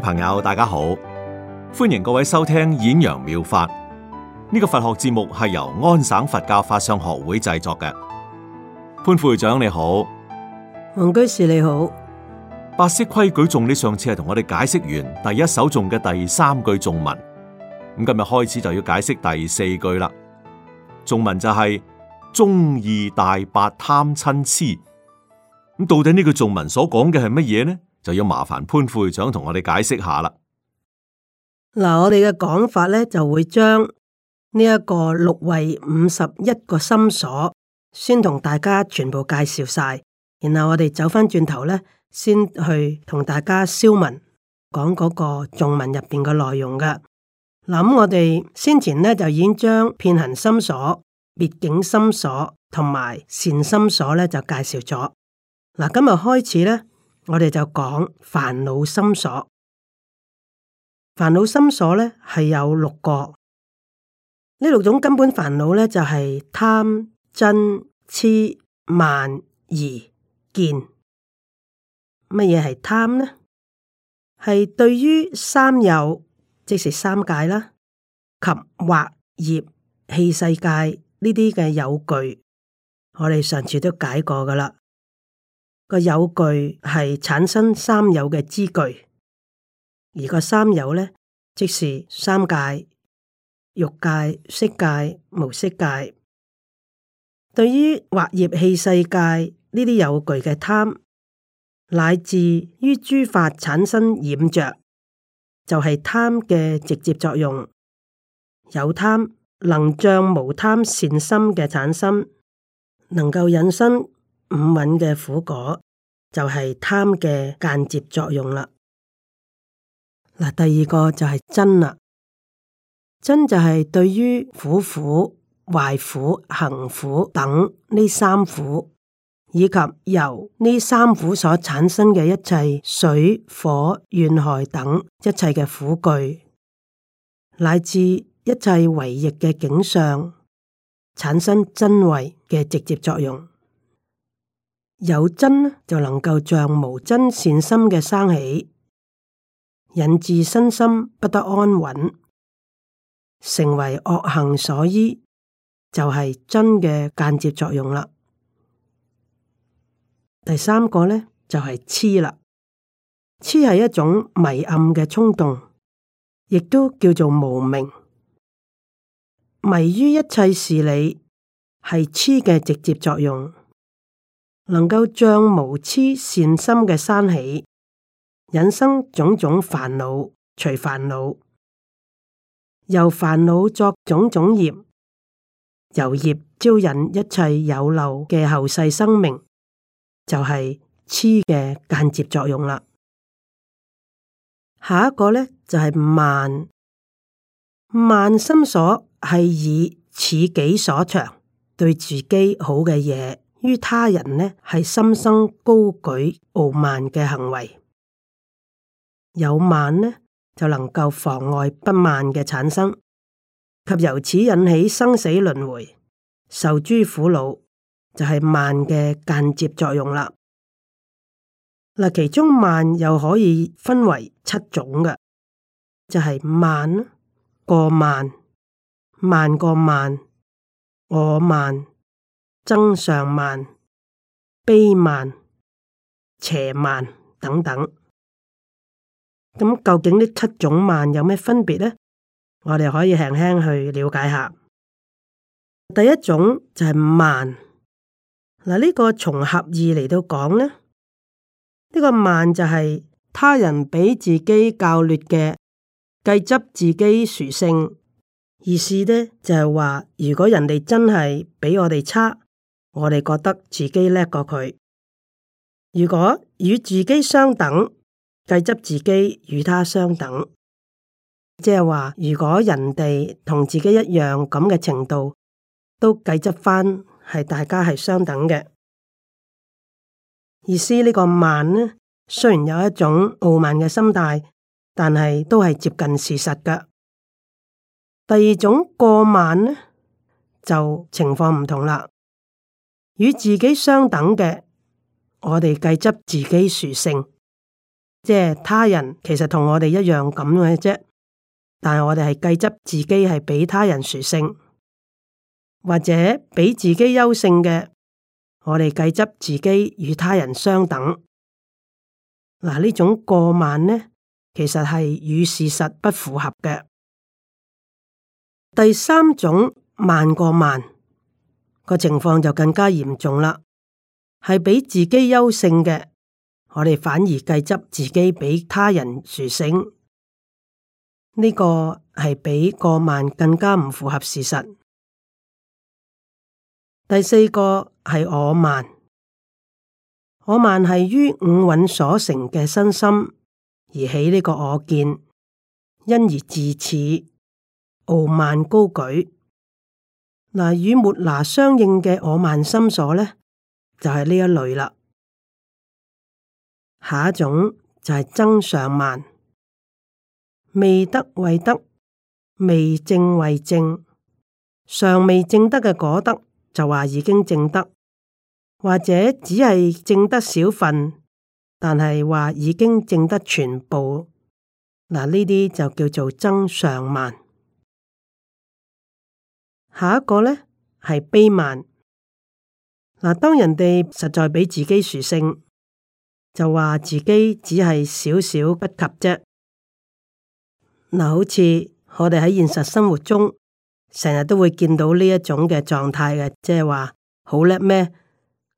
朋友，大家好，歡迎各位收聽演揚妙、妙法呢、這個佛學節目，係由安省佛教法相學會製作嘅。潘副會長你好，黃居士你好，八識規矩頌，你上次係同我哋解釋完第一首頌嘅第三句頌文，咁今日開始就要解釋第四句啦。頌文就係、是、中二大八貪瞋癡，咁到底呢句頌文所講嘅係乜嘢呢？就要麻煩潘副會長同我哋解釋下啦。嗱，我哋嘅講法咧，就會將呢一個六位五十一個心所先同大家全部介紹晒，然後我哋走翻轉頭咧，先去同大家消文講嗰個頌文入邊嘅內容噶。嗱，咁、嗯、我哋先前咧就已經將遍行心所、別境心所同埋善心所咧就介紹咗。嗱，今日開始咧。我哋就講煩惱心所，煩惱心所咧係有六個，呢六種根本煩惱咧就係、是、貪、嗔、痴、慢、疑、見。乜嘢係貪呢？係對於三有，即係三界啦，及或業器世界呢啲嘅有具，我哋上次都解過噶啦。個有具係產生三有嘅資具，而個三有呢，即是三界欲界、色界、無色界。對於惑業器世界呢啲有具嘅貪，乃至於諸法產生染着，就係貪嘅直接作用。有貪能障無貪善心嘅產生，能夠引申。五蘊嘅苦果就係貪嘅間接作用啦。嗱，第二個就係瞋啦，瞋就係對於苦苦、壞苦、行苦等呢三苦，以及由呢三苦所產生嘅一切水火怨害等一切嘅苦具，乃至一切違逆嘅景象，產生瞋恚嘅直接作用。有瞋就能夠像無瞋善心嘅生起，引致身心不得安穩，成為惡行所依，就係瞋嘅間接作用啦。第三個呢就係癡啦，癡係一種迷暗嘅衝動，亦都叫做無明，迷於一切事理，係癡嘅直接作用。能夠障無癡善心嘅生起，引生種種煩惱，除煩惱，由煩惱作種種業，由業招引一切有漏嘅後世生命，就係癡嘅間接作用啦。下一個咧就係、是、慢，慢心所係以此己所長對自己好嘅嘢。於他人呢係心生高舉傲慢嘅行為，有慢呢，就能夠妨礙不慢嘅產生，及由此引起生死輪迴、受諸苦惱，就係、是、慢嘅間接作用啦。嗱，其中慢又可以分為七種嘅，就係、是、慢、過慢，慢過慢，我慢。增上慢、卑慢、邪慢等等，咁究竟呢七種慢有咩分別呢？我哋可以輕輕去了解下。第一種就係慢嗱，呢、這個從合意嚟到講咧，呢、這個慢就係他人比自己較劣嘅，計執自己屬性，意思呢，就係、是、話，如果人哋真係比我哋差。我哋覺得自己叻過佢，如果與自己相等，計執自己與他相等，即係話如果人哋同自己一樣咁嘅程度，都計執翻係大家係相等嘅意思。呢個慢呢，雖然有一種傲慢嘅心態，但係都係接近事實㗎。第二種過慢呢，就情況唔同啦。與自己相等嘅，我哋計執自己殊勝，即係他人其實同我哋一樣咁嘅啫。但係我哋係計執自己係比他人殊勝，或者比自己優勝嘅，我哋計執自己與他人相等。嗱，呢種過慢呢，其實係與事實不符合嘅。第三種慢過慢。個情況就更加嚴重啦，係比自己優勝嘅，我哋反而計執自己比他人殊勝，呢個係比過慢更加唔符合事實。第四個係我慢，我慢係於五蘊所成嘅身心而起呢個我見，因而自此傲慢高舉。嗱，與末那相應嘅我慢心所呢，就係呢一類啦。下一種就係增上慢，未得為得，未證為證，尚未證得嘅果德，就話已經證得，或者只係證得少份，但係話已經證得全部，嗱，呢啲就叫做增上慢。下一個呢，係卑慢。嗱，當人哋實在畀自己殊勝，就話自己只係少少不及啫。嗱，好似我哋喺現實生活中，成日都會見到呢一種嘅狀態嘅，即係話好叻咩？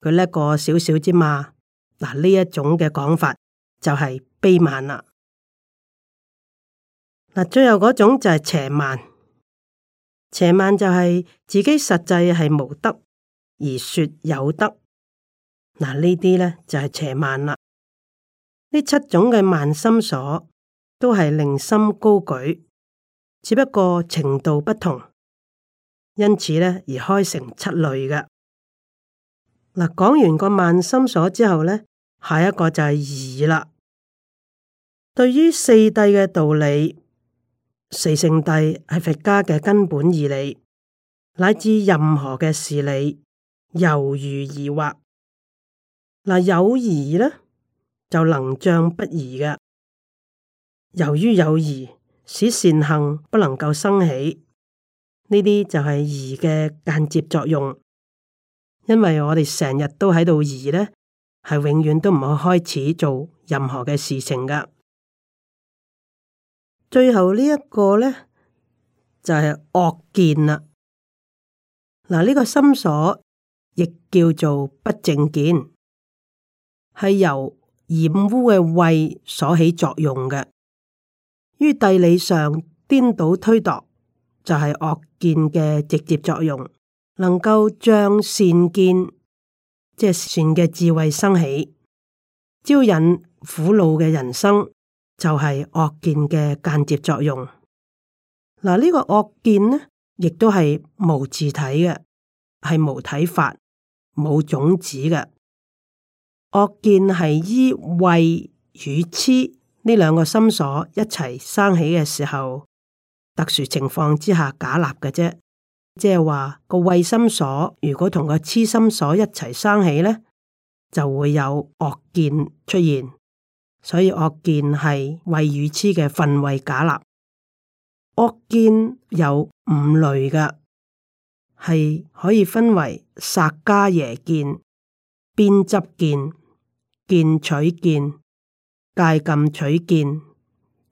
佢叻過少少啫嘛。嗱，呢一種嘅講法就係卑慢啦。嗱，最後嗰種就係邪慢。邪慢就係自己實際係無德而說有德。嗱，呢啲呢就係邪慢啦。呢七種嘅慢心所都係令心高舉，只不過程度不同，因此呢而開成七類嘅。嗱，講完個慢心所之後呢，下一個就係疑啦。對於四諦嘅道理，四聖諦係佛家嘅根本義理，乃至任何嘅事理，猶豫疑惑。嗱，有疑呢，就能障不疑嘅。由於有疑，使善行不能夠生起。呢啲就係疑嘅間接作用。因為我哋成日都喺度疑呢，係永遠都唔會開始做任何嘅事情㗎。最後呢一個咧就係惡見啦，嗱呢、這個心所亦叫做不正見，係由染污嘅慧所起作用嘅。於道理上顛倒推度就係惡見嘅直接作用，能夠將善見即係善嘅智慧生起，招引苦惱嘅人生。就係惡見嘅間接作用。嗱，呢個惡見呢，亦都係無自體嘅，係無體法，冇種子嘅。惡見係依慧與癡呢兩個心所一齊生起嘅時候，特殊情況之下假立嘅啫。即係話個慧心所如果同個癡心所一齊生起呢，就會有惡見出現。所以惡見係謂與痴嘅分位假立，惡見有五類嘅，係可以分為薩迦耶見、邊執見、見取見、戒禁取見、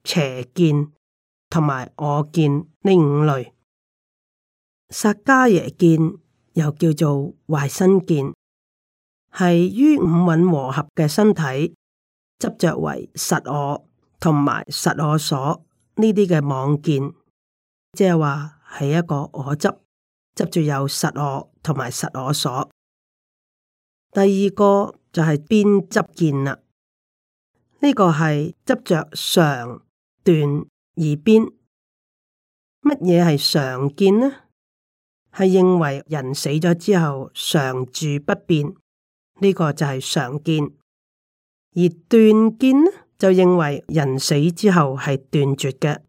邪見同埋我見呢五類。薩迦耶見又叫做壞身見，係於五蘊和合嘅身體。執着為實我同埋實我所呢啲嘅妄見，即係話係一個我執，執住有實我同埋實我所。第二個就係邊執見啦，呢個係執着常斷而邊。乜嘢係常見呢？係認為人死咗之後常住不變，呢個就係常見。而斷見呢，就認為人死之後係斷絕嘅，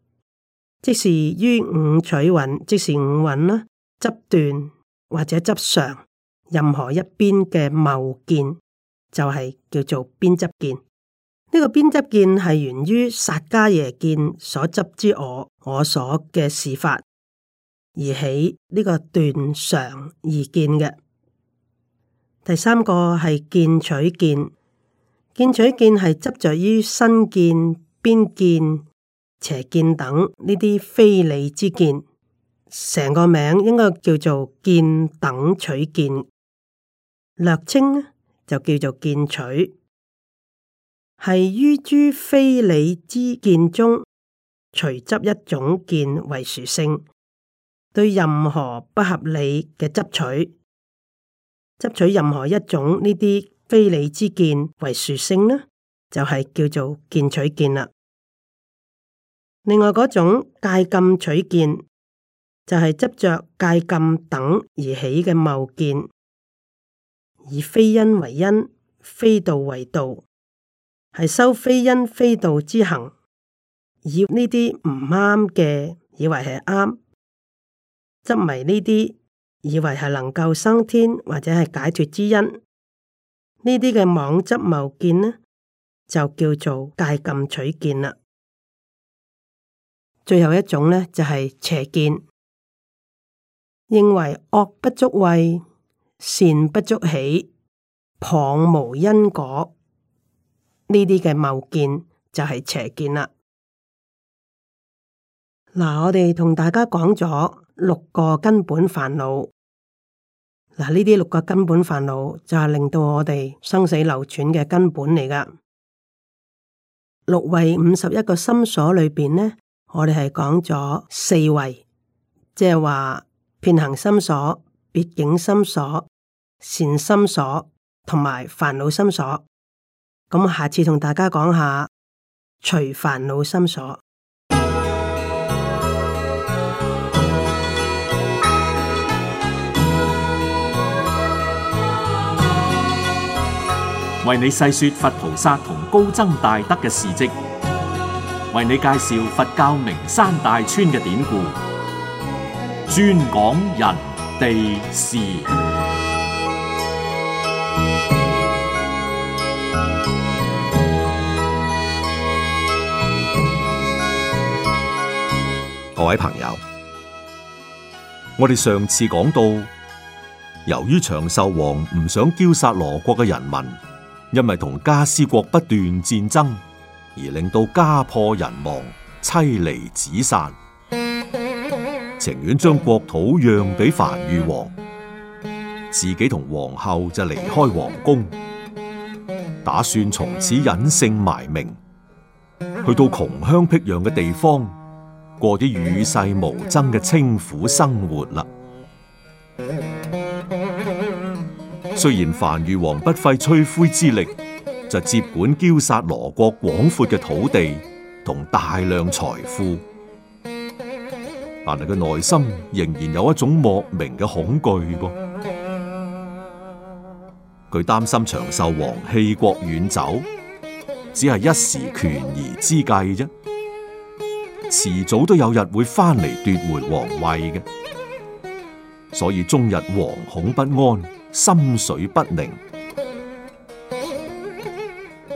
即是於五取蘊，即是五蘊啦，執斷或者執常，任何一邊嘅謬見，就係、是、叫做邊執見。呢、這個邊執見係源於薩迦耶見所執之我，我所嘅事法而起呢個斷常而見嘅。第三個係見取見。見取見係執着於身見、邊見、邪見等呢啲非理之見，成個名應該叫做見等取見，略稱就叫做見取，係於諸非理之見中，隨執一種見為殊勝，對任何不合理嘅執取，執取任何一種呢啲非理之見為殊勝呢，呢就係、是、叫做見取見啦。另外嗰種戒禁取見，就係、是、執着戒禁等而起嘅謬見，以非因為因，非道為道，係修非因非道之行，以呢啲唔啱嘅以為係啱，執迷呢啲以為係能夠生天或者係解脫之因。呢啲嘅妄執謬見呢，就叫做戒禁取見啦。最後一種呢，就係、是、邪見，認為惡不足畏，善不足喜，謗無因果。呢啲嘅謬見就係邪見啦。嗱，我哋同大家講咗六個根本煩惱。嗱，呢啲六個根本煩惱就係、是、令到我哋生死流轉嘅根本嚟㗎。六位五十一個心所裏邊呢，我哋係講咗四位，即係話遍行心所、別境心所、善心所同埋煩惱心所。咁下次同大家講下除煩惱心所。為你細說佛菩薩同高僧大德嘅事跡，為你介紹佛教名山大川嘅典故，專講人地事。各位朋友，我哋上次講到，由於長壽王唔想憍薩羅國嘅人民，因為同迦尸國不斷戰爭，而令到家破人亡，妻離子散，情願將國土讓俾梵豫王，自己同皇后就離開皇宮，打算從此隱姓埋名，去到窮鄉僻壤嘅地方，過啲與世無爭嘅清苦生活啦。雖然樊御王不費吹灰之力就接管驕殺羅國廣闊嘅土地同大量財富，但係佢內心仍然有一種莫名嘅恐懼噃。佢擔心長壽王棄國遠走，只係一時權宜之計啫，遲早都有日會翻嚟奪回皇位嘅。所以終日惶恐不安，心水不寧。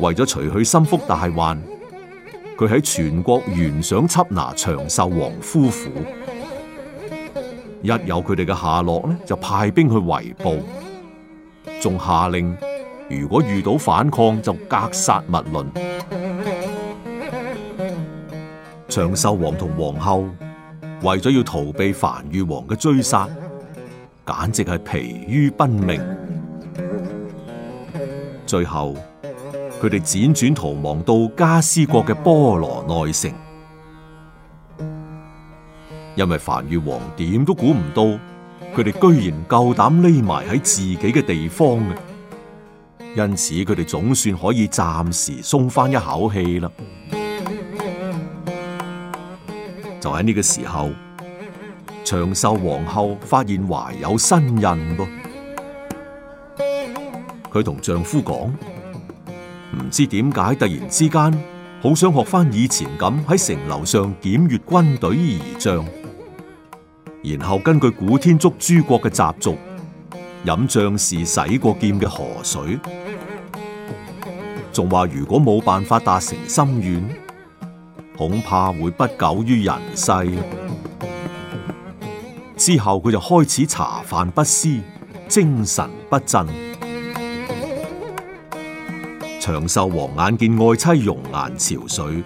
為咗除去心腹大患，佢喺全國懸賞緝拿長壽王夫婦。一有佢哋嘅下落呢，就派兵去圍捕，仲下令如果遇到反抗就格殺勿論。長壽王同皇后為咗要逃避梵豫王嘅追殺，簡直係疲於奔命，最後佢哋輾轉逃亡到加斯國嘅波羅奈城，因為梵豫王點都估唔到佢哋居然夠膽匿埋喺自己嘅地方嘅，因此佢哋總算可以暫時鬆翻一口氣啦。就喺呢個時候。長壽皇后發現懷有身孕，噃。佢同丈夫講：唔知點解突然之間，好想學翻以前咁喺城樓上檢閱軍隊儀仗，然後根據古天竺諸國嘅習俗，飲將士洗過劍嘅河水，仲話如果冇辦法達成心願，恐怕會不久於人世。之後佢就開始茶飯不思，精神不振。長壽王眼見愛妻容顏憔悴，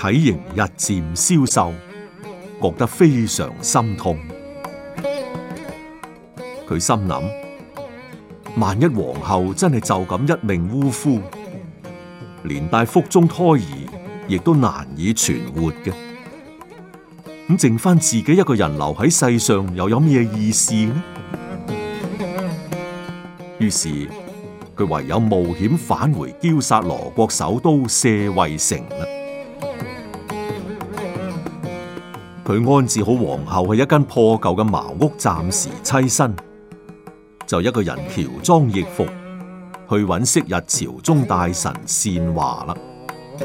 體型日漸消瘦，覺得非常心痛。佢心諗：萬一皇后真係就咁一命嗚呼，連帶腹中胎兒亦都難以存活嘅。咁剩翻自己一個人留喺世上，又有咩意思呢？於是佢唯有冒險返回憍薩羅國首都舍衛城啦。佢安置好皇后喺一間破舊嘅茅屋暫時棲身，就一個人喬裝易服去揾昔日朝中大臣善華啦。呢、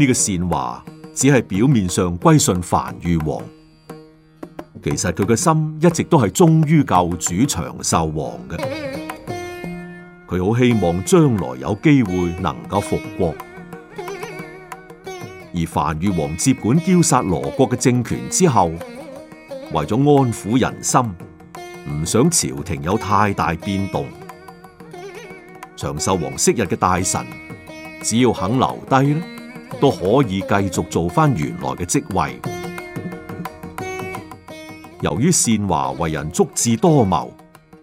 這個善華。只係表面上歸順梵豫王，其實佢嘅心一直都係忠於舊主長壽王嘅。佢好希望將來有機會能夠復國。而梵豫王接管憍殺羅國嘅政權之後，為咗安撫人心，唔想朝廷有太大變動，長壽王昔日嘅大臣只要肯留低呢，都可以繼續做翻原來嘅職位。由於善華為人足智多謀，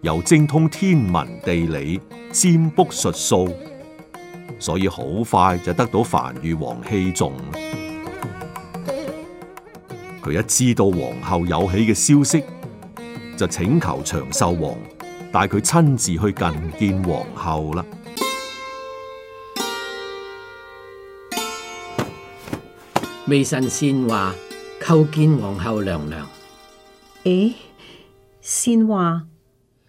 又精通天文地理、占卜術數，所以好快就得到梵豫王器重。佢一知道皇后有喜嘅消息，就請求長壽王帶佢親自去覲見皇后啦。微臣先話，叩見皇后娘娘。誒，先話，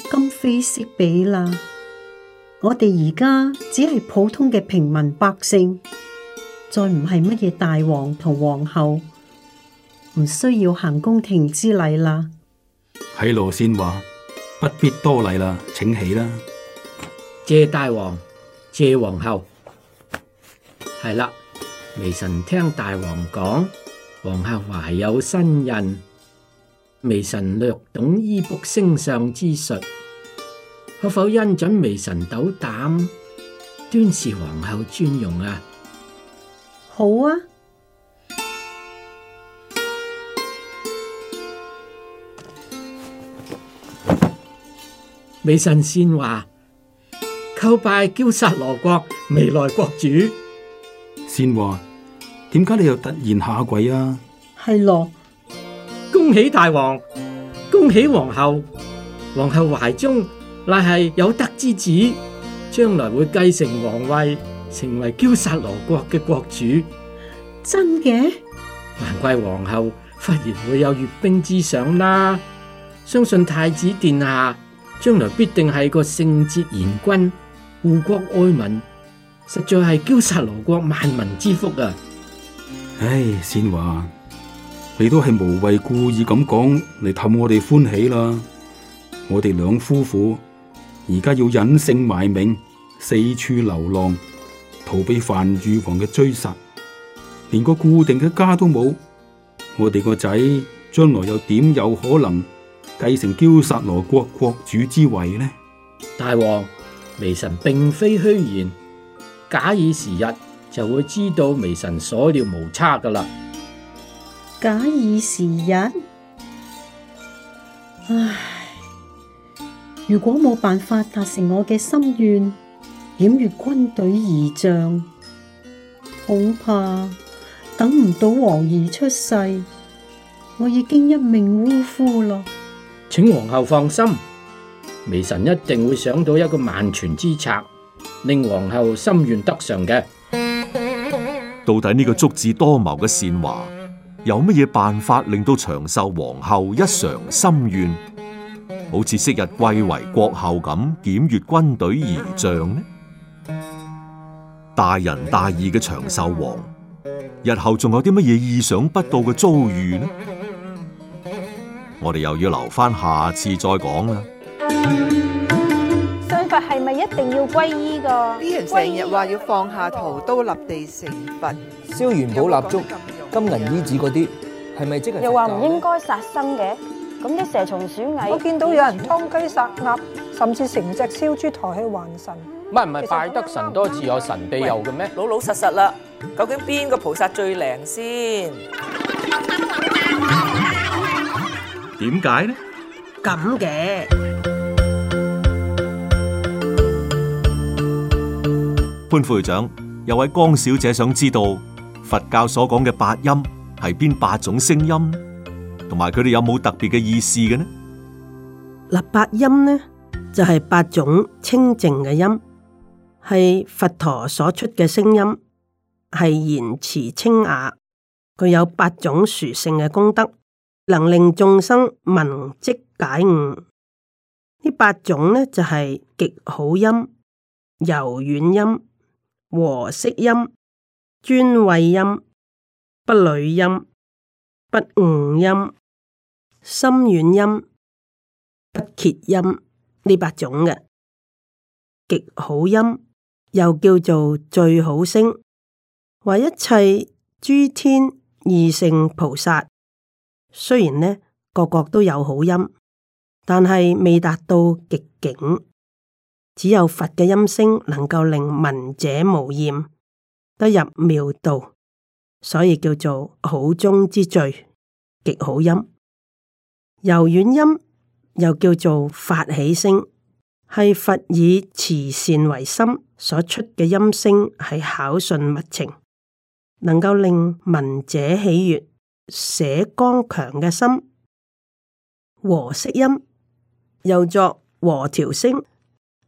今非昔比啦，我哋而家只係普通嘅平民百姓，再唔係乜嘢大王同皇后，唔需要行宮廷之禮啦。係羅先話，不必多禮啦，請起啦。謝大王，謝皇后，係啦。微臣聽大王講，皇后懷有身孕。微臣略懂醫卜星相之術，可否恩准微臣斗膽，端視皇后尊容啊？好啊！微臣先話叩拜殺羅，憍薩羅國未來國主。先點解你又突然下跪啊？係咯，恭喜大王，恭喜皇后，皇后懷中乃係有德之子，將來會繼承皇位，成為嬌薩羅國嘅國主。真嘅的？難怪皇后忽然會有閱兵之想啦。相信太子殿下將來必定係個聖潔賢君，護國愛民。實在係憍薩羅國萬民之福啊！唉，先華，你都係無謂故意咁講嚟氹我哋歡喜啦！我哋兩夫婦而家要隱姓埋名，四處流浪，逃避梵御王嘅追殺，連個固定嘅家都冇。我哋個仔將來又點有可能繼承憍薩羅國國主之位呢？大王，微臣並非虛言。假以時日，就會知道微臣所料無差㗎喇。假以時日，唉，如果冇辦法達成我嘅心願，掩越軍隊儀仗，恐怕等唔到王兒出世，我已經一命嗚呼啦。請皇后放心，微臣一定會想到一個萬全之策。令皇后心願得償嘅。到底呢個足智多謀嘅善華有乜嘢辦法令到長壽皇后一償心願？好似昔日貴為國后咁檢閱軍隊儀仗呢？大仁大義嘅長壽王，日後仲有啲乜嘢意想不到嘅遭遇呢？我哋又要留返下，下次再講啦。係咪一定要皈依噶？啲人成日話要放下屠刀立地成佛，燒元寶蠟燭、金銀衣紙嗰啲，係咪即係？又話唔應該殺生嘅，咁啲蛇蟲鼠蟻，我見到有人劏雞殺鴨，甚至成隻燒豬抬去還神。唔係唔係，拜得神多自有神庇佑嘅咩？老老實實啦，究竟邊個菩薩最靈先？點解呢？咁嘅。潘副會長，有位江小姐想知道佛教所講嘅八音係邊八種聲音，同埋佢哋有冇特別嘅意思嘅呢？嗱，八音呢就係、是、八種清淨嘅音，係佛陀所出嘅聲音，係言辭清雅，具有八種殊勝嘅功德，能令眾生聞即解悟。呢八種呢就係、是、極好音、柔軟音、和適音、尊慧音、不女音、不誤音、心軟音、不揭音。呢八種嘅極好音，又叫做最好聲，為一切諸天二乘菩薩。雖然呢，個個都有好音，但係未達到極境。只有佛嘅音聲能夠令聞者無厭，得入妙道，所以叫做好中之最，極好音。柔軟音又叫做發喜聲，係佛以慈善為心所出嘅音聲，係巧順物情，能夠令聞者喜悅，捨剛強嘅心。和適音，又作和調聲。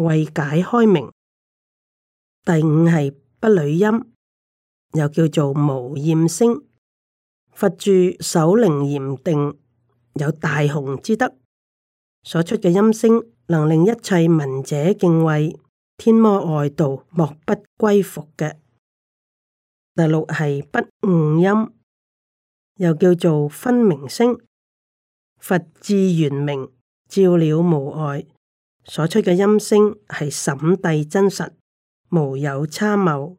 為解開明，第五係不女音，又叫做無畏聲。佛住首楞嚴定，有大雄之德，所出嘅音聲能令一切聞者敬畏天魔外道，莫不歸服嘅。第六係不誤音，又叫做分明聲。佛智圓明，照了無礙。所出嘅音聲係審諦真實，無有差謬，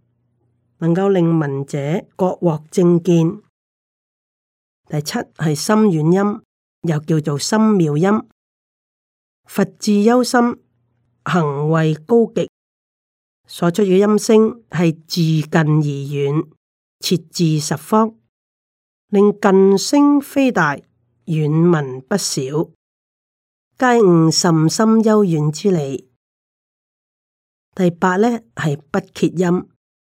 能夠令聞者各獲正見。第七係深遠音，又叫做深妙音，佛智幽深，行為高極，所出嘅音聲係自近而遠，徹至十方，令近聲非大，遠聞不少。皆悟甚深幽遠之理。第八呢，係不竭音，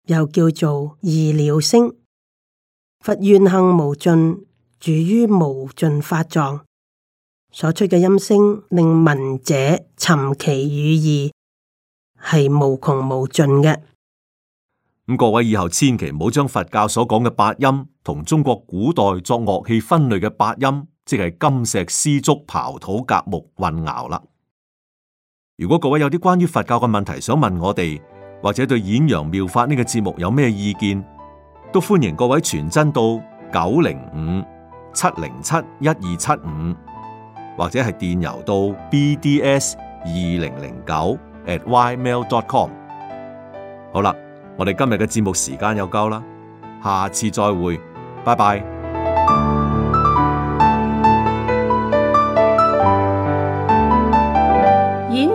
又叫做二了聲。佛願行無盡，住於無盡法藏，所出嘅音聲令聞者尋其語義，係無窮無盡嘅。咁各位以後千祈唔好將佛教所講嘅八音同中國古代作樂器分類嘅八音。即係金石絲竹刨土革木混淆啦！如果各位有啲關於佛教嘅問題想問我哋，或者對演揚妙法呢個節目有咩意見，都歡迎各位傳真到九零五七零七一二七五，75，或者係電郵到 bds 二零零九 at ymail.com。好啦，我哋今日嘅節目時間又夠啦，下次再會，拜拜。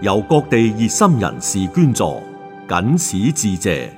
由各地熱心人士捐助，謹此致謝。